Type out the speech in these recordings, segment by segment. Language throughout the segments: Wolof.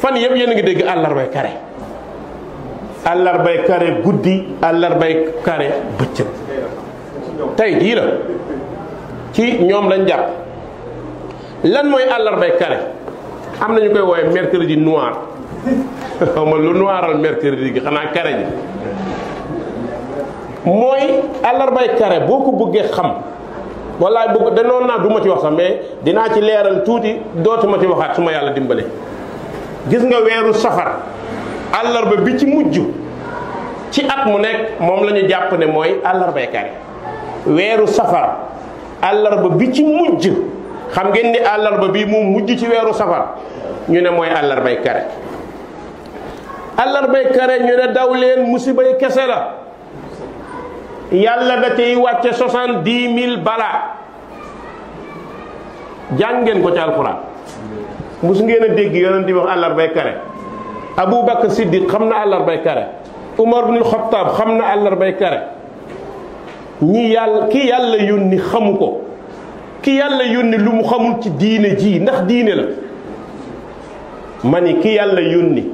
fan yëpp yéen a ngi dégg àllarbay kare àllarbay kare guddi àllarbay kare bëccëg tey jii la ci ñoom lañ jàpp lan mooy àllarbay kare am na ñu koy wooye mercredi noir xaw ma lu noiral mercredi gi xanaa kare ji mooy àllarbay kare boo ko bëggee xam wallaay bëgg danoon naa du ma ci wax sax mais dinaa ci leeral tuuti dootuma ci waxaat su ma yàlla dimbale gis nga weeru safar àllarba bi ci mujj ci at mu nekk moom lañu ñu jàpp ne mooy àllarbay kari weeru safar àllarba bi ci mujj xam ngeen ni àllarba bi mu mujj ci weeru safar ñu ne mooy àllarbay kare àllarbay kare ñu ne daw leen musibay kese la yàlla da ciy wàcce soixante-dix mille balaa jàng ngeen ko ci alxuraan mus ngeen a dégg yonent bi wax bay kare aboubacar siddiq xam na bay kare umar bin khattab xam na bay kare ñi yàlla ki yàlla yónni xamu ko ki yàlla yónni lu mu xamul ci diine ji ndax diine la ma ni ki yàlla yónni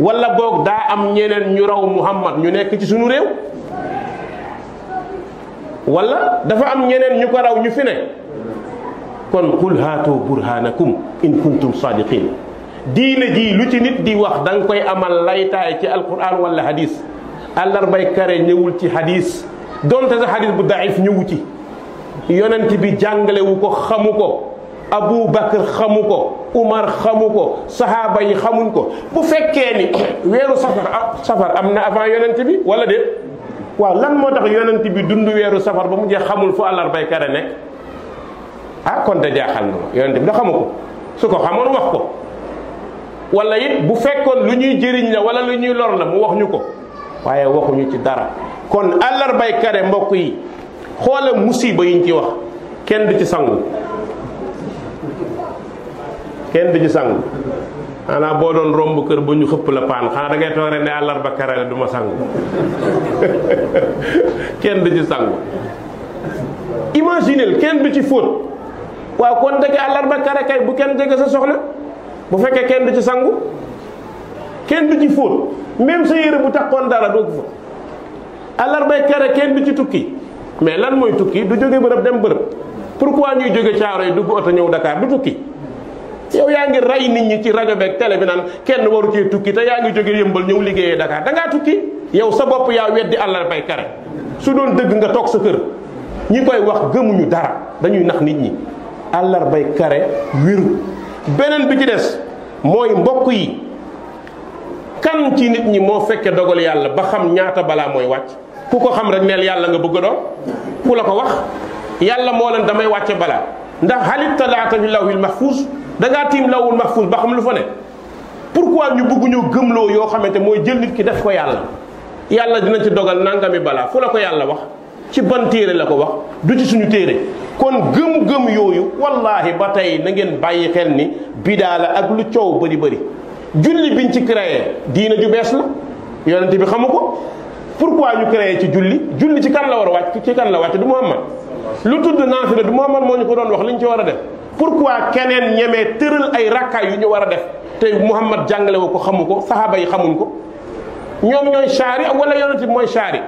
wala boog daa am ñeneen ñu raw muhammad ñu nekk ci suñu réew wala dafa am ñeneen ñu ko raw ñu fi ne kon qul hatu burhanakum in kuntum sadiqin diina ji lu ci nit di wax dang koy amal laytaay ci alquran wala hadith hadis bay kare ñëwul ci hadith donte sa hadith bu daif ñëwu ci yonent bi jangale wu ko xamu ko abou bakr xamu ko umar xamu ko sahaba yi xamuñ ko bu fekke ni wéru safar safar amna avant yonent bi wala de wa lan motax tax yonent bi dundu wéru safar ba mu je xamul fu bay kare nek ah kon da jaaxal na ma yonente bi da xamu ko su ko xamoon wax ko wala it bu fekkoon lu ñuy jëriñ la wala lu ñuy lor la mu wax ñu ko waaye waxuñu ci dara kon àllarbay kare mbokk yi xoola musiba yiñ ci wax kenn du ci sangu kenn du ci sangu xanaa boo doon romb kër ba ñu xëpp la paan xanaa da ngay toog rek ne àllarba kare la du ma sangu kenn du ci sangu imaginel kenn du ci fóot waaw kon ndeke àllarba kare kay bu kenn jege sa soxna bu fekkee kenn du ci sangu kenn du ci fóot même sa yére bu takkoon dara doo ko fa àllarbay kare kenn du ci tukki mais lan mooy tukki du udah kaya dem bërëb pourquoi ñuy jóge caaro yi dugg oto ñëw Dakar du tukki yow yaa ngi ray nit ñi ci rajo beeg télé bi naan kenn waru cee tukki te yaa ngi jóge yëmbal ñëw liggéeyee Dakar da ngaa tukki yow sa bopp yaa weddi àllarbay kare su doon dëgg nga toog sa kër ñi koy wax gëmuñu dara dañuy nax nit ñi àllarbay kare wérut beneen bi ci des mooy mbokk yi kan ci nit ñi moo fekkee dogal yàlla ba xam ñaata balaa mooy wàcc ku ko xam rek neel yàlla nga bëgg a doon ku la ko wax yàlla moo leen damay wàcce balaa ndax xalit talaata bi lawhil mahfuus dangaa tiim lawul mahfuus ba xam lu fa ne pour pourquoi ñu bëgg ñoo gëmloo yoo xamante mooy jël nit ki def ko yàlla yàlla dina ci dogal nangami balaa fu la ko yàlla wax ci ban téere la ko wax du ci suñu téere kon gëm-gëm yooyu wallaahi ba tey na ngeen bàyyi xel ni bidaa la ak lu coow bëri bëri julli biñ ci créé diina ju bees la yonent bi xamu ko pour pourquoi ñu créé ci julli julli ci kan la war a wàcc ci kan la wàcc du Muhammad lu tudd naafila du Muhammad moo ñu ko doon wax li ñu ci war a def pourquoi keneen ñemee tëral ay rakkaay yu ñu war a def te Muhammad jàngale wu ko xamu ko saxaaba yi xamuñ ko ñoom ñooy saari wala mooy saari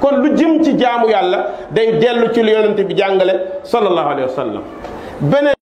kon lu jëm ci jaamu yàlla day dellu ci lu yonente bi jàngale sallallahu alayhi wa sallam beneen